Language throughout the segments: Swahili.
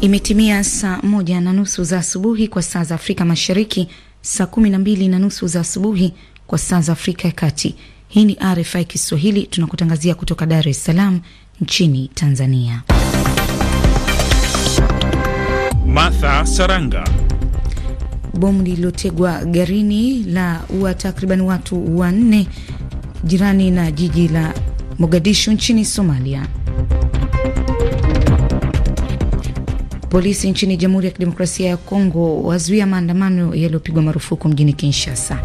Imetimia saa moja na nusu za asubuhi kwa saa za Afrika Mashariki, saa kumi na mbili na nusu za asubuhi kwa saa za Afrika ya Kati. Hii ni RFI Kiswahili, tunakutangazia kutoka Dar es Salaam nchini Tanzania. Martha Saranga. Bomu lililotegwa garini la ua takriban watu wanne jirani na jiji la Mogadishu nchini Somalia. Polisi nchini Jamhuri ya Kidemokrasia ya Kongo wazuia maandamano yaliyopigwa marufuku mjini Kinshasa.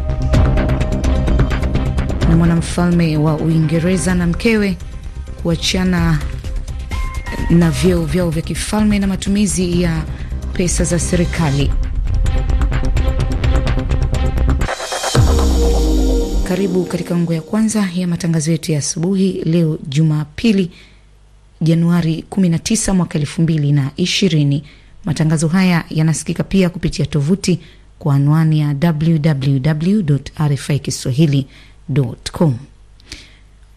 Na mwanamfalme wa Uingereza na mkewe kuachana na vyeo vyao vya kifalme na matumizi ya pesa za serikali. Karibu katika ngo ya kwanza ya matangazo yetu ya asubuhi leo Jumapili Januari 19 mwaka 220 Matangazo haya yanasikika pia kupitia tovuti kwa anwani ya www RFI kiswahilicom.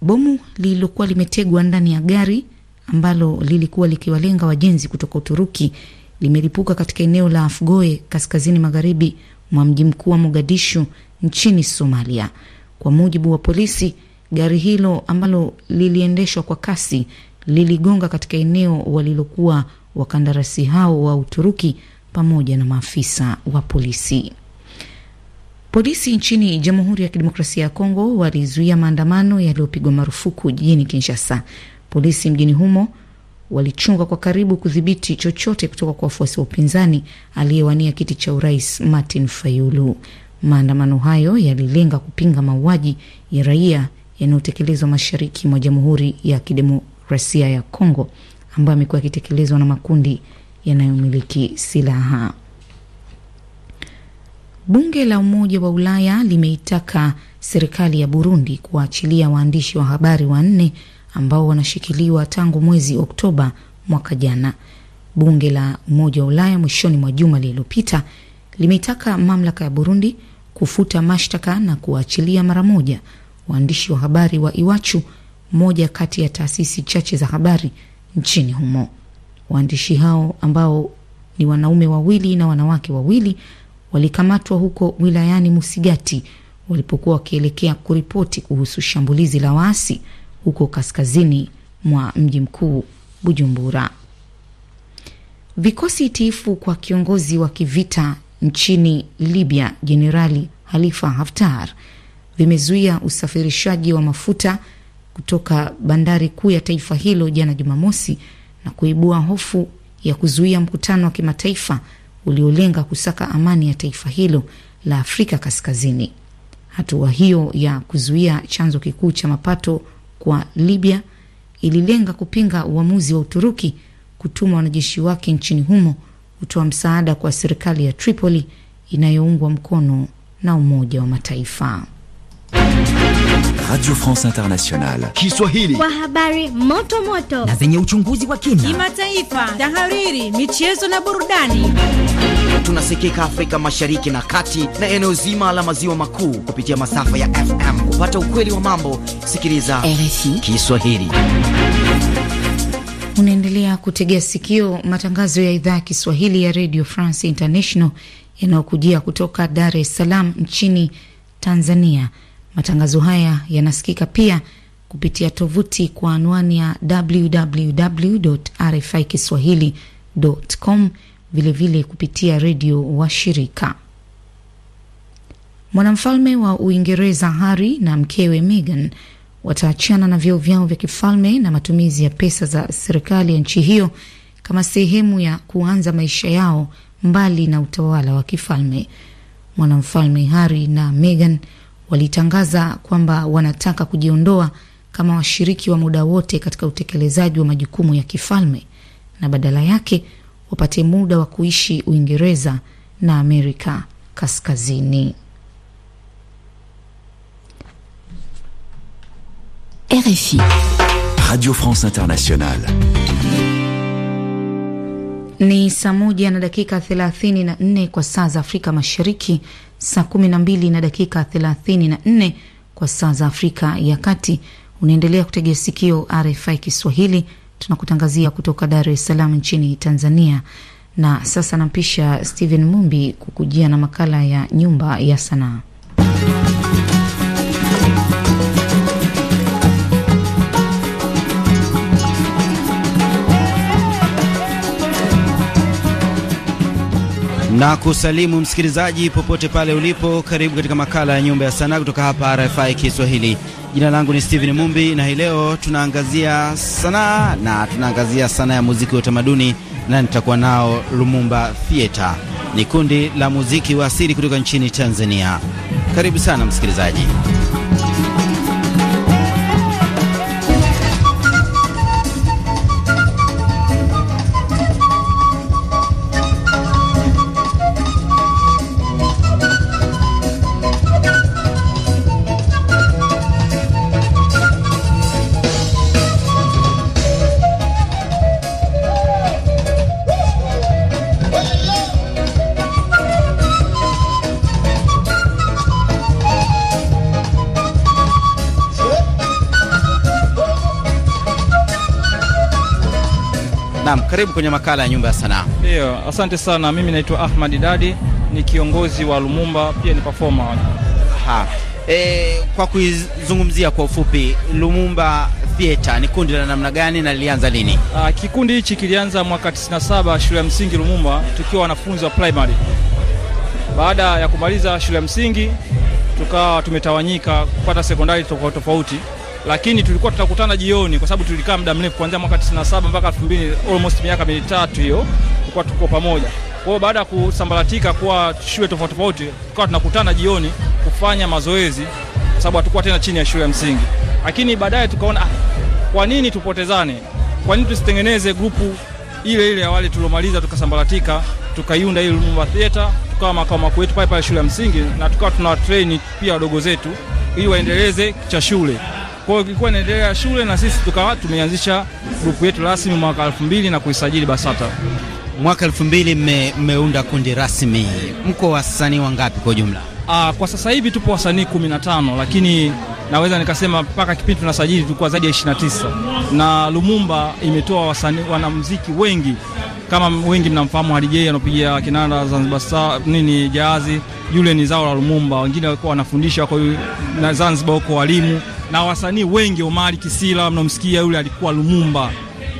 Bomu lililokuwa limetegwa ndani ya gari ambalo lilikuwa likiwalenga wajenzi kutoka Uturuki limelipuka katika eneo la Afgoe kaskazini magharibi mwa mji mkuu wa Mogadishu nchini Somalia. Kwa mujibu wa polisi, gari hilo ambalo liliendeshwa kwa kasi liligonga katika eneo walilokuwa wakandarasi hao wa Uturuki pamoja na maafisa wa polisi. Polisi nchini Jamhuri ya Kidemokrasia ya Kongo walizuia maandamano yaliyopigwa marufuku jijini Kinshasa. Polisi mjini humo walichunga kwa karibu kudhibiti chochote kutoka kwa wafuasi wa upinzani aliyewania kiti cha urais Martin Fayulu. Maandamano hayo yalilenga kupinga mauaji ya raia yanayotekelezwa mashariki mwa Jamhuri ya Kidemokrasia Demokrasia ya Kongo ambayo amekuwa akitekelezwa na makundi yanayomiliki silaha. Bunge la Umoja wa Ulaya limeitaka serikali ya Burundi kuwaachilia waandishi wa habari wanne ambao wanashikiliwa tangu mwezi Oktoba mwaka jana. Bunge la Umoja wa Ulaya mwishoni mwa juma lililopita limeitaka mamlaka ya Burundi kufuta mashtaka na kuwaachilia mara moja waandishi wa habari wa Iwachu moja kati ya taasisi chache za habari nchini humo. Waandishi hao ambao ni wanaume wawili na wanawake wawili walikamatwa huko wilayani Musigati walipokuwa wakielekea kuripoti kuhusu shambulizi la waasi huko kaskazini mwa mji mkuu Bujumbura. Vikosi tiifu kwa kiongozi wa kivita nchini Libya Jenerali Halifa Haftar vimezuia usafirishaji wa mafuta kutoka bandari kuu ya taifa hilo jana Jumamosi na kuibua hofu ya kuzuia mkutano wa kimataifa uliolenga kusaka amani ya taifa hilo la Afrika Kaskazini. Hatua hiyo ya kuzuia chanzo kikuu cha mapato kwa Libya ililenga kupinga uamuzi wa Uturuki kutuma wanajeshi wake nchini humo kutoa msaada kwa serikali ya Tripoli inayoungwa mkono na Umoja wa Mataifa. Radio France Internationale Kiswahili kwa habari moto moto na zenye uchunguzi wa kina, kimataifa, tahariri, michezo na burudani. Tunasikika Afrika Mashariki na Kati na eneo zima la maziwa makuu kupitia masafa ya FM. Kupata ukweli wa mambo, sikiliza RFI Kiswahili. Unaendelea kutegea sikio matangazo ya idhaa ya Kiswahili ya Radio France International yanayokujia kutoka Dar es Salaam nchini Tanzania. Matangazo haya yanasikika pia kupitia tovuti kwa anwani ya www RFI kiswahilicom, vilevile kupitia redio wa shirika. Mwanamfalme wa Uingereza Harry na mkewe Meghan wataachana na vyeo vyao vya kifalme na matumizi ya pesa za serikali ya nchi hiyo kama sehemu ya kuanza maisha yao mbali na utawala wa kifalme. Mwanamfalme Harry na Meghan walitangaza kwamba wanataka kujiondoa kama washiriki wa muda wote katika utekelezaji wa majukumu ya kifalme na badala yake wapate muda wa kuishi Uingereza na Amerika Kaskazini. RFI Radio France Internationale. Ni saa moja na dakika 34 kwa saa za Afrika Mashariki, saa 12 na dakika 34 kwa saa za Afrika ya Kati. Unaendelea kutegea sikio RFI Kiswahili, tunakutangazia kutoka Dar es Salaam nchini Tanzania. Na sasa nampisha Stephen Mumbi kukujia na makala ya Nyumba ya Sanaa. na kusalimu msikilizaji popote pale ulipo. Karibu katika makala ya Nyumba ya Sanaa kutoka hapa RFI Kiswahili. Jina langu ni Steven Mumbi, na hii leo tunaangazia sanaa na tunaangazia sanaa ya muziki wa utamaduni, na nitakuwa nao Lumumba Theater. ni kundi la muziki wa asili kutoka nchini Tanzania. Karibu sana msikilizaji. karibu kwenye makala ya Nyumba ya Sanaa. Ndio, asante sana. Mimi naitwa Ahmad Dadi, ni kiongozi wa Lumumba, pia ni performer. Aha. E, kwa kuizungumzia kwa ufupi Lumumba Theater ni kundi la namna gani na lilianza lini? Aa, ah, kikundi hichi kilianza mwaka 97 shule ya msingi Lumumba, tukiwa wanafunzi wa primary. Baada ya kumaliza shule ya msingi tukawa tumetawanyika kupata sekondari tofauti tofauti lakini tulikuwa tutakutana jioni, kwa sababu tulikaa muda mrefu kuanzia mwaka 97 mpaka 2000 almost miaka mitatu hiyo tulikuwa tuko pamoja. Kwa hiyo baada ya kusambaratika kwa shule tofauti tofauti, tukawa tunakutana jioni kufanya mazoezi, kwa sababu hatukuwa tena chini ya shule ya msingi. Lakini baadaye tukaona ah, kwa nini tupotezane? Kwa nini tusitengeneze grupu ile ile awali tuliomaliza tukasambaratika, tukaiunda ile Lumumba Theater, tukawa makao makuu yetu pale pale shule ya msingi, na tukawa tuna train pia wadogo zetu ili waendeleze cha shule. Kwa hiyo kilikuwa inaendelea shule na sisi tukawa tumeanzisha grupu yetu rasmi mwaka elfu mbili na kuisajili BASATA. Mwaka elfu mbili mmeunda kundi rasmi. Mko wasanii wangapi kwa ujumla Aa, ah, kwa sasa hivi tupo wasanii kumi na tano lakini naweza nikasema mpaka kipindi tunasajili tulikuwa zaidi ya 29 na Lumumba imetoa wasanii wanamuziki wengi kama wengi mnamfahamu Hadijei anapiga kinanda Zanzibar Star nini jahazi, yule ni zao la Lumumba. Wengine walikuwa wanafundisha kwa na Zanzibar huko walimu na wasanii wengi. Omari Kisila mnamsikia yule alikuwa Lumumba.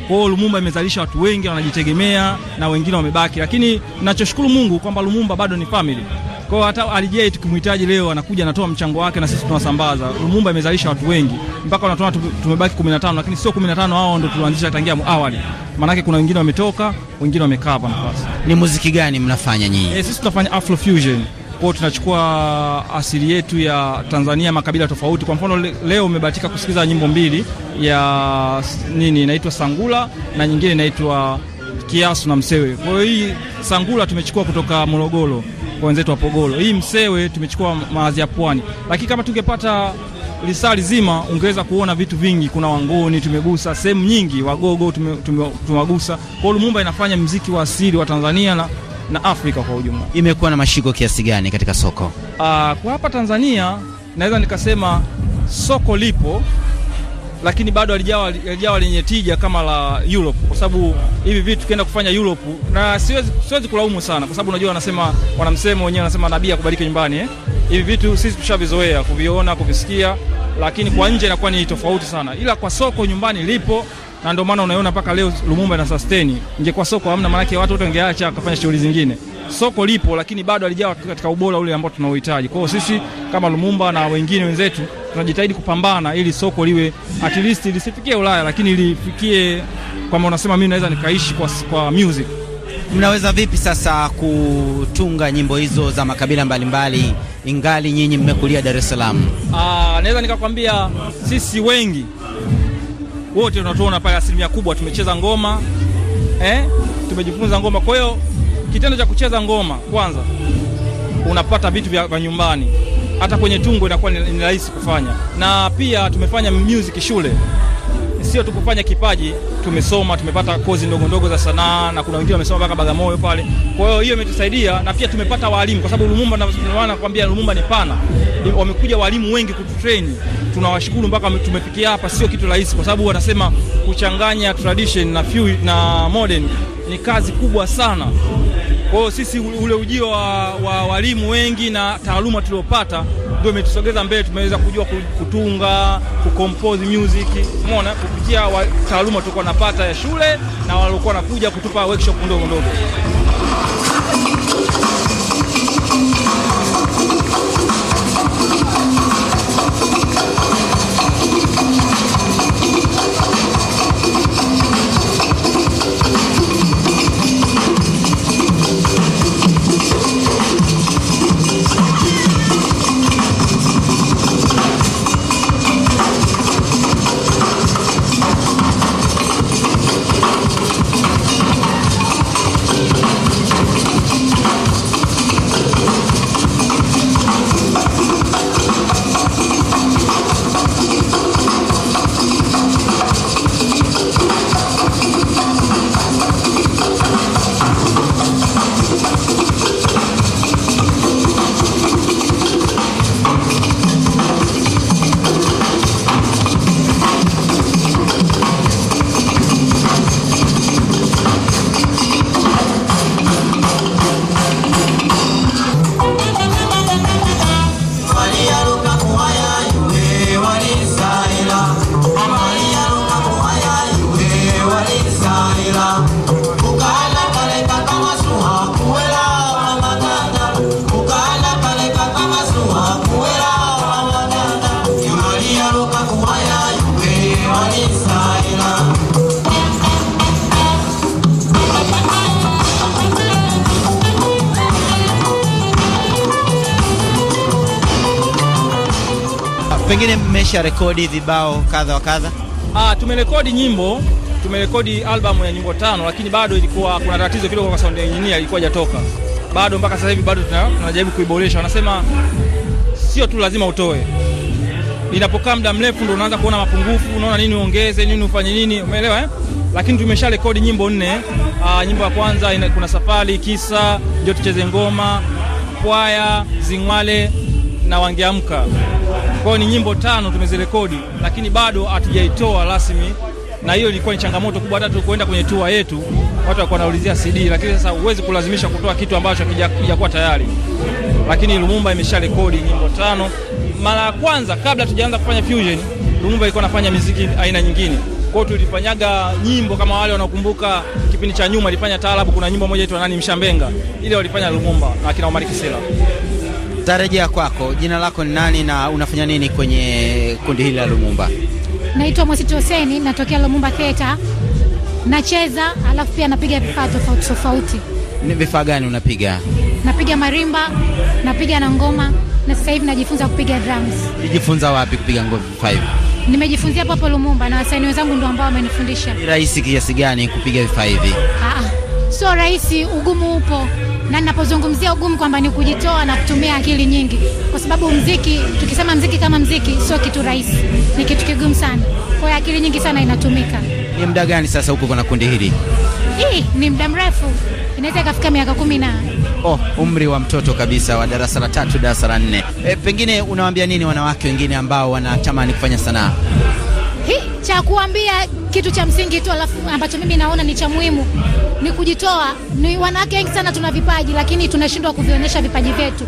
Kwa hiyo Lumumba imezalisha watu wengi wanajitegemea na wengine wamebaki, lakini nachoshukuru Mungu kwamba Lumumba bado ni family. Kwa hiyo hata alijai tukimhitaji leo anakuja anatoa mchango wake na sisi tunawasambaza. Lumumba imezalisha watu wengi mpaka unatona tumebaki 15, lakini sio 15 hao ndio tulianzisha tangia awali, maanake kuna wengine wametoka, wengine wamekaa hapa nafasi. Ni muziki gani mnafanya nyinyi? Eh, sisi tunafanya Afro Fusion kwao tunachukua asili yetu ya Tanzania, makabila tofauti. Kwa mfano leo umebahatika kusikiza nyimbo mbili, ya nini inaitwa Sangula na nyingine inaitwa Kiasu na Msewe. Kwa hiyo hii Sangula tumechukua kutoka Morogoro kwa wenzetu wa Pogolo, hii Msewe tumechukua maazi ya Pwani, lakini kama tungepata lisali zima ungeweza kuona vitu vingi. Kuna Wangoni tumegusa sehemu nyingi, Wagogo tumewagusa. Kwa hiyo Lumumba inafanya mziki wa asili wa Tanzania na na Afrika kwa ujumla. Imekuwa na mashiko kiasi gani katika soko? Uh, kwa hapa Tanzania naweza nikasema soko lipo lakini bado halijawa lenye tija kama la Europe, kwa sababu hivi vitu tukienda kufanya Europe, na siwezi, siwezi kulaumu sana, kwa sababu unajua wanasema, wanamsemo wenyewe wanasema nabii akubariki nyumbani eh? Hivi vitu sisi tushavizoea kuviona, kuvisikia, lakini kwa nje inakuwa ni tofauti sana, ila kwa soko nyumbani lipo na ndio maana unaiona mpaka leo Lumumba na sustain. Ingekuwa soko hamna, maana watu wote wangeacha kufanya shughuli zingine. Soko lipo lakini bado halijawa katika ubora ule ambao tunauhitaji Kwa hiyo sisi kama Lumumba na wengine wenzetu tunajitahidi kupambana ili soko liwe at least lisifikie Ulaya, lakini lifikie kwamba unasema mimi naweza nikaishi kwa, kwa music. Mnaweza vipi sasa kutunga nyimbo hizo za makabila mbalimbali mbali, ingali nyinyi mmekulia Dar es Salaam? Ah, naweza nikakwambia sisi wengi wote unatuona pale, asilimia kubwa tumecheza ngoma eh, tumejifunza ngoma. Kwa hiyo kitendo cha kucheza ngoma, kwanza unapata vitu vya nyumbani, hata kwenye tungo inakuwa ni rahisi kufanya, na pia tumefanya music shule sio tu kufanya kipaji, tumesoma tumepata kozi ndogo ndogo za sanaa, na kuna wengine wamesoma mpaka Bagamoyo pale. Kwa hiyo hiyo imetusaidia, na pia tumepata walimu, kwa sababu Lumumba, naona nakwambia Lumumba ni pana, wamekuja walimu wengi kututrain tunawashukuru mpaka tumefikia hapa. Sio kitu rahisi, kwa sababu wanasema kuchanganya tradition na few, na modern ni kazi kubwa sana. Kwa hiyo sisi ule ujio wa, wa walimu wengi na taaluma tuliopata ndio imetusogeza mbele. Tumeweza kujua kutunga, kucompose music, umeona, kupitia taaluma tulikuwa napata ya shule na walikuwa wanakuja kutupa workshop ndogo ndogo. Mmekwisha rekodi vibao kadha wa kadha? Ah, tumerekodi nyimbo, tumerekodi albamu ya nyimbo tano, lakini bado ilikuwa kuna tatizo kidogo kwa sound engineer, ilikuwa hajatoka bado. Mpaka sasa hivi bado tunajaribu kuiboresha. Wanasema sio tu lazima utoe inapokaa muda mrefu ndo unaanza kuona mapungufu, unaona nini uongeze, nini ufanye nini, umeelewa eh? Lakini tumesha rekodi nyimbo nne. Aa, ah, nyimbo ya kwanza ina, kuna safari, kisa, ndio tucheze ngoma, kwaya, zingwale na wangeamka. Kwa hiyo ni nyimbo tano tumezirekodi, lakini bado hatujaitoa rasmi, na hiyo ilikuwa ni changamoto kubwa. Hata tulipoenda kwenye tour yetu watu walikuwa wanaulizia CD, lakini sasa huwezi kulazimisha kutoa kitu ambacho hakijakuwa tayari. Lakini Lumumba imesha rekodi nyimbo tano. Mara ya kwanza kabla tujaanza kufanya fusion, Lumumba ilikuwa anafanya miziki aina nyingine kwao tulifanyaga nyimbo kama wale wanaokumbuka kipindi cha nyuma alifanya taarabu. Kuna nyimbo moja inaitwa nani mshambenga, ile walifanya Lumumba na akina Omar Kisela. Tarejea kwako. Jina lako ni nani na unafanya nini kwenye kundi hili la Lumumba? Naitwa Mwasiti Hoseni, natokea Lumumba Theta, Nacheza alafu pia napiga vifaa tofauti tofauti. Ni vifaa gani unapiga? Napiga marimba, napiga na ngoma na sasa hivi najifunza kupiga drums. Nijifunza wapi kupiga ngoma vifaa hivi? Nimejifunzia hapo hapo Lumumba na wasanii wenzangu ndio ambao wamenifundisha. Ni rahisi kiasi gani kupiga vifaa hivi? Ah, ah. sio rahisi, ugumu upo na ninapozungumzia ugumu kwamba ni kujitoa na kutumia akili nyingi, kwa sababu mziki, tukisema mziki kama mziki sio kitu rahisi, ni kitu kigumu sana, kwa hiyo akili nyingi sana inatumika. Ni muda gani sasa huko kuna kundi hili? Hii ni muda mrefu, inaweza ikafika miaka kumi na Oh, umri wa mtoto kabisa wa darasa la tatu, darasa la nne. E, pengine unawaambia nini wanawake wengine ambao wanatamani kufanya sanaa Cha kuambia kitu cha msingi tu, alafu ambacho mimi naona ni cha muhimu ni kujitoa. Ni wanawake wengi sana tuna vipaji, lakini tunashindwa kuvionyesha vipaji vyetu.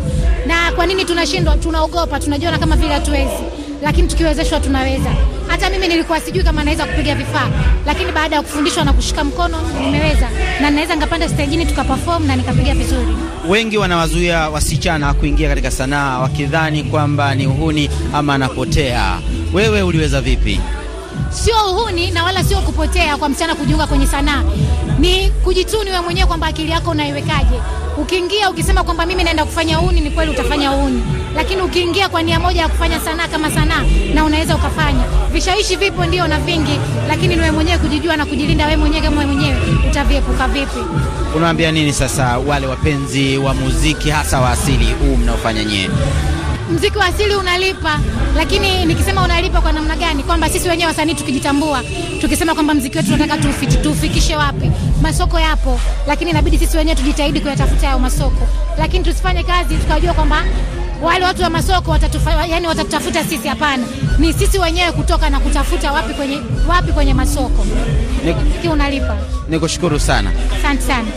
Na kwa nini tunashindwa? Tunaogopa, tunajiona kama vile hatuwezi, lakini tukiwezeshwa tunaweza. Hata mimi nilikuwa sijui kama naweza kupiga vifaa, lakini baada ya kufundishwa na kushika mkono nimeweza, na naweza nikapanda stejini tukaperform na nikapiga vizuri. Wengi wanawazuia wasichana kuingia katika sanaa wakidhani kwamba ni uhuni ama anapotea. Wewe uliweza vipi? sio uhuni na wala sio kupotea kwa msichana kujiunga kwenye sanaa, ni kujituni wewe mwenyewe kwamba akili yako unaiwekaje. Ukiingia ukisema kwamba mimi naenda kufanya uhuni, ni kweli utafanya uhuni, lakini ukiingia kwa nia moja ya kufanya sanaa kama sanaa, na unaweza ukafanya. Vishawishi vipo ndio na vingi, lakini ni wewe mwenyewe kujijua na kujilinda wewe mwenyewe, kama wewe mwenyewe utaviepuka vipi? Unawaambia nini sasa wale wapenzi wa muziki hasa wa asili huu mnaofanya nyewe? mziki wa asili unalipa, lakini nikisema unalipa kwa namna gani? Kwamba sisi wenyewe wasanii tukijitambua, tukisema kwamba mziki wetu tunataka tufikishe wapi, masoko yapo, lakini inabidi sisi wenyewe tujitahidi kuyatafuta hayo masoko, lakini tusifanye kazi tukajua kwamba wale watu wa masoko watatufa, yani watatutafuta sisi. Hapana, ni sisi wenyewe kutoka na kutafuta wapi kwenye, wapi kwenye masoko. Mziki unalipa. Nikushukuru sana, asante sana.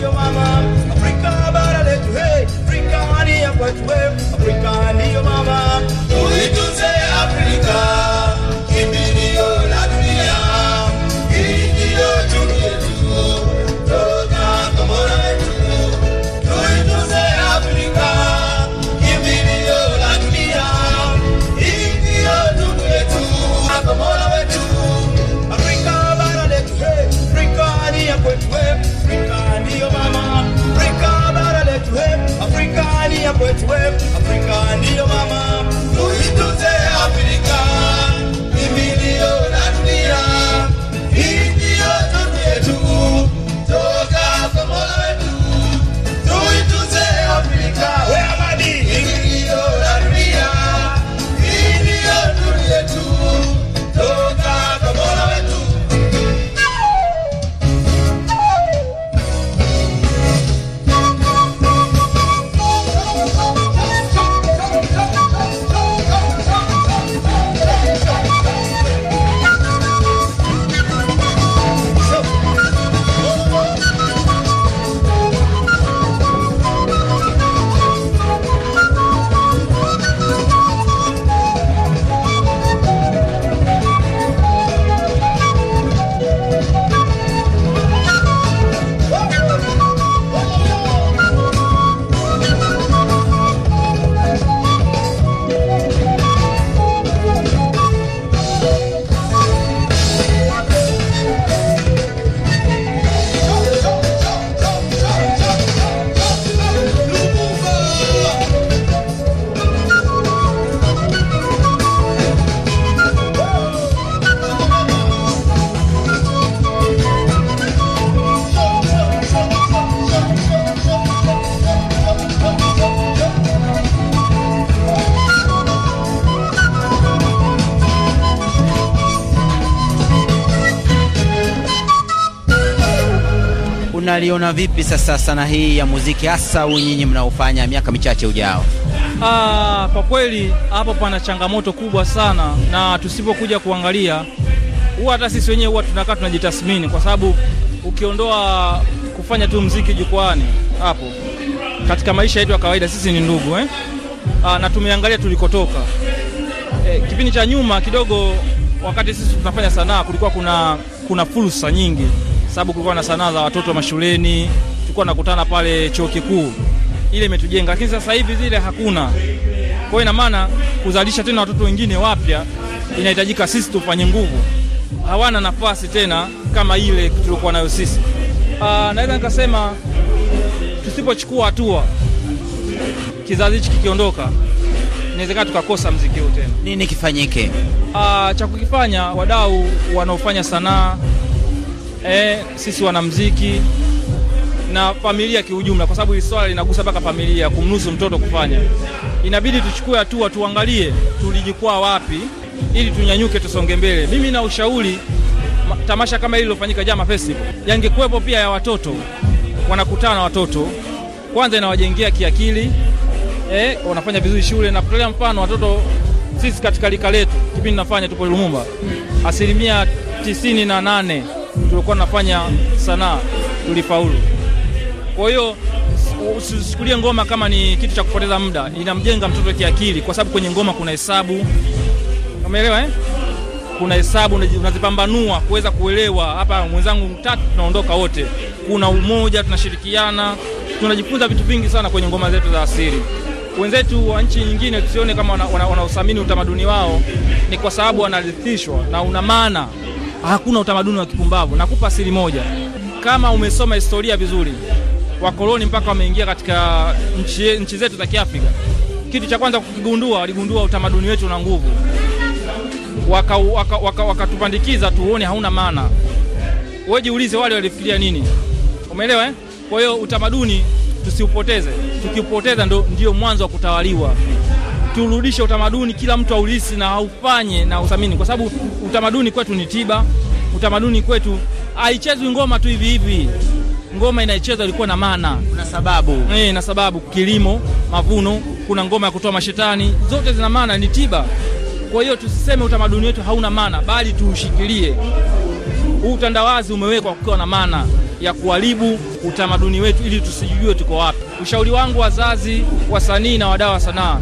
your mama. Africa, bara hey. Africa, ni ya kwetu hey. Afrika ni your mama. mnaliona vipi sasa sana hii ya muziki hasa huu nyinyi mnaofanya miaka michache ujao? Ah, kwa kweli hapo pana changamoto kubwa sana, na tusipokuja kuangalia, huwa hata sisi wenyewe huwa tunakaa tunajitathmini, kwa sababu ukiondoa kufanya tu mziki jukwani, hapo katika maisha yetu ya kawaida sisi ni ndugu eh? Aa, ah, na tumeangalia tulikotoka eh, kipindi cha nyuma kidogo, wakati sisi tunafanya sanaa kulikuwa kuna, kuna fursa nyingi sababu kulikuwa na sanaa za watoto mashuleni, tulikuwa nakutana pale chuo kikuu, ile imetujenga. Lakini sasa hivi zile hakuna, kwa ina maana kuzalisha tena watoto wengine wapya inahitajika sisi tufanye nguvu, hawana nafasi tena kama ile tulikuwa nayo sisi. Ah, naweza nikasema tusipochukua hatua, kizazi hichi kikiondoka, inawezekana tukakosa mziki huu tena. Nini kifanyike? Ah, cha kukifanya, wadau wanaofanya sanaa eh, sisi wanamziki na familia kiujumla, kwa sababu hili swala linagusa mpaka familia. Kumnusu mtoto kufanya, inabidi tuchukue hatua, tuangalie tulijikwaa wapi ili tunyanyuke, tusonge mbele. Mimi na ushauri tamasha kama hili lilofanyika Jama Festival yangekuwepo pia ya watoto, wanakutana watoto kwanza, inawajengea kiakili eh, wanafanya vizuri shule. Na kutolea mfano watoto, sisi katika lika letu kipindi nafanya tupo Lumumba, asilimia tisini na nane tulikuwa tunafanya sanaa tulifaulu. Kwa hiyo usichukulie ngoma kama ni kitu cha kupoteza muda, inamjenga mtoto kiakili, kwa sababu kwenye ngoma kuna hesabu, umeelewa eh? Kuna hesabu unazipambanua kuweza kuelewa. Hapa mwenzangu mtatu tunaondoka wote, kuna umoja, tunashirikiana, tunajifunza vitu vingi sana kwenye ngoma zetu za asili. Wenzetu wa nchi nyingine tusione kama wanaothamini wana, wana utamaduni wao, ni kwa sababu wanarithishwa na una maana hakuna utamaduni wa kipumbavu. Nakupa siri moja, kama umesoma historia vizuri, wakoloni mpaka wameingia katika nchi, nchi zetu za Kiafrika, kitu cha kwanza kukigundua, waligundua utamaduni wetu una nguvu, wakatupandikiza waka, waka, waka tuone hauna maana. Wewe jiulize wale walifikiria nini? Umeelewa eh? Kwa hiyo utamaduni tusiupoteze, tukiupoteza ndio, ndio mwanzo wa kutawaliwa turudishe utamaduni, kila mtu aulisi na aufanye na uthamini, kwa sababu utamaduni kwetu ni tiba. Utamaduni kwetu haichezwi ngoma tu hivi hivi. Ngoma inayochezwa ilikuwa na maana, na sababu e, na sababu, kilimo, mavuno. Kuna ngoma ya kutoa mashetani, zote zina maana, ni tiba. Kwa hiyo tusiseme utamaduni wetu hauna maana, bali tuushikilie. Huu utandawazi umewekwa kukiwa na maana ya kuharibu utamaduni wetu ili tusijue tuko wapi. Ushauri wangu wazazi, wasanii na wadau wa sanaa,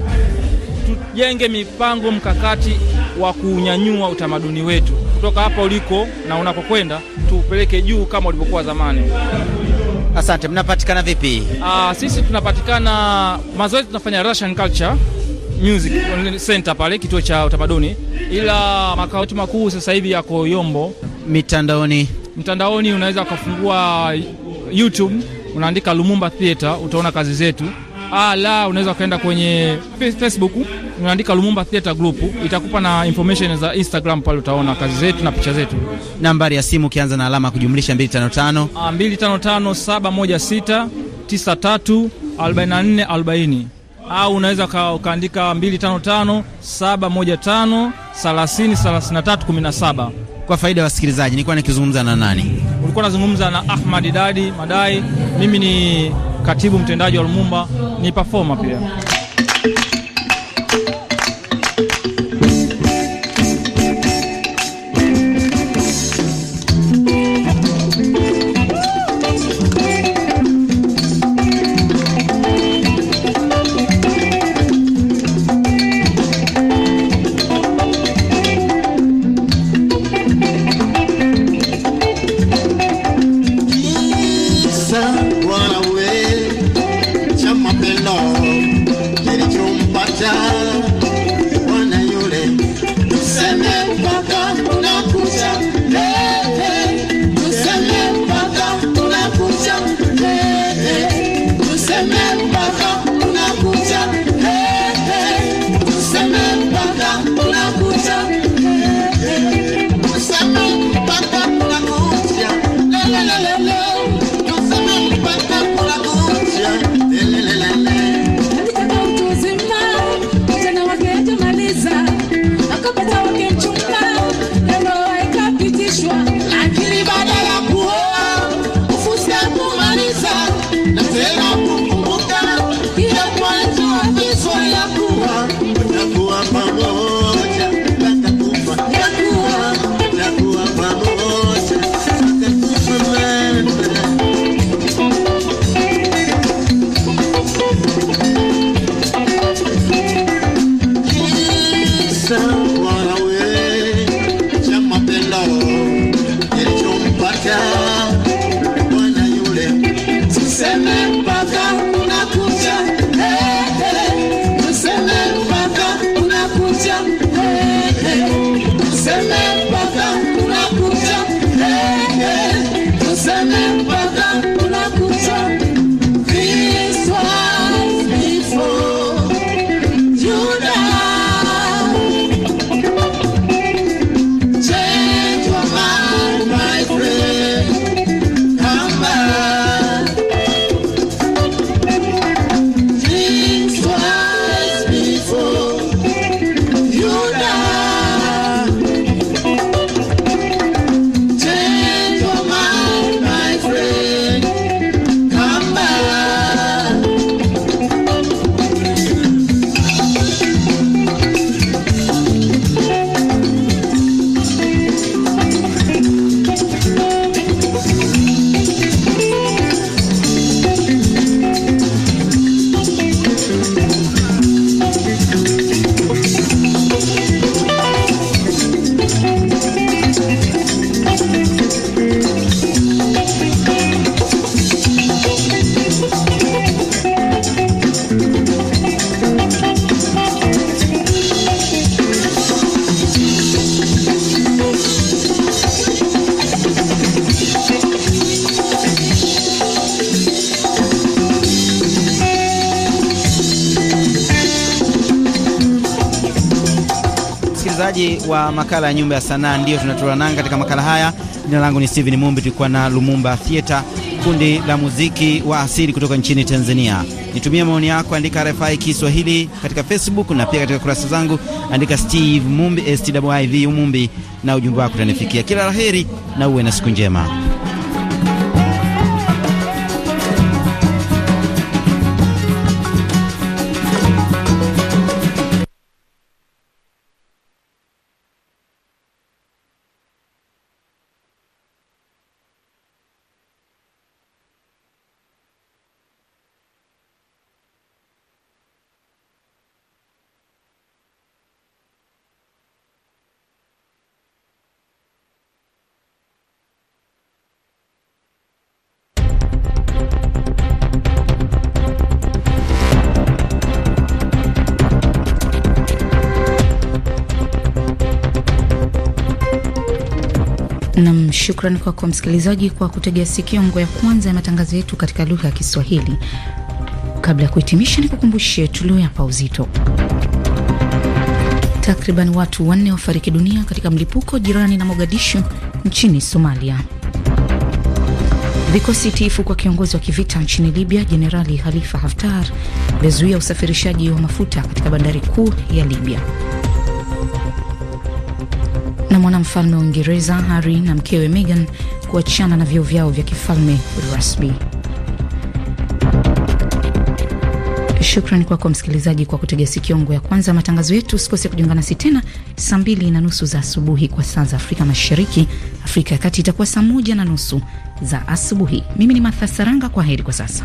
tujenge mipango mkakati wa kunyanyua utamaduni wetu kutoka hapa uliko na unakokwenda, tuupeleke juu kama ulivyokuwa zamani. Asante. mnapatikana vipi? Aa, ah, sisi tunapatikana mazoezi, tunafanya Russian Culture Music Center pale kituo cha utamaduni, ila makao yetu makuu sasa hivi yako Yombo. Mitandaoni, mtandaoni unaweza ukafungua YouTube, unaandika Lumumba Theater, utaona kazi zetu ah, la unaweza ukaenda kwenye Facebook unaandika Lumumba Theater Group itakupa na information za Instagram pale, utaona kazi zetu na picha zetu. Nambari ya simu ukianza na alama kujumlisha 255 255 716 93 au unaweza ukaandika 255 715 30 33 17. Kwa faida ya wasikilizaji, nilikuwa nikizungumza na nani? Ulikuwa nazungumza na Ahmad Dadi Madai, mimi ni katibu mtendaji wa Lumumba, ni performer pia. msikilizaji wa makala ya Nyumba ya Sanaa, ndiyo tunatoa nanga katika makala haya. Jina langu ni Steven Mumbi. Tulikuwa na Lumumba Theatre, kundi la muziki wa asili kutoka nchini Tanzania. Nitumie maoni yako, andika RFI Kiswahili katika Facebook na pia katika kurasa zangu, andika Steve Mumbi, Stiv Mumbi na ujumbe wako utanifikia. Kila laheri na uwe na siku njema. Shukran kwako msikilizaji kwa, kutegea sikio ngo ya kwanza ya matangazo yetu katika lugha ya Kiswahili. Kabla ya kuhitimisha, nikukumbushie tulioyapa uzito. Takriban watu wanne wafariki dunia katika mlipuko jirani na Mogadishu nchini Somalia. Vikosi tiifu kwa kiongozi wa kivita nchini Libya Jenerali Khalifa Haftar vyazuia usafirishaji wa mafuta katika bandari kuu ya Libya na mfalme wa Uingereza Harry na mkewe Meghan kuachana na vyeo vyao vya kifalme rasmi. Shukrani kwako msikilizaji kwa kutegea sikiongo ya kwanza ya matangazo yetu. Usikose kujiunga nasi tena saa mbili na nusu za asubuhi kwa saa za Afrika Mashariki. Afrika ya Kati itakuwa saa moja na nusu za asubuhi. Mimi ni Martha Saranga, kwa heri kwa sasa.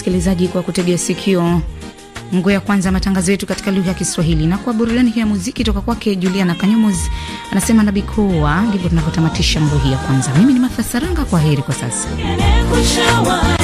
msikilizaji kwa kutegea sikio nguo ya kwanza ya matangazo yetu katika lugha ya Kiswahili, na kwa burudani hiyo ya muziki toka kwake Juliana Kanyumus anasema nabikoa. Ndivyo tunavyotamatisha nguo hii ya kwanza. Mimi ni Mathasaranga, kwa heri kwa sasa.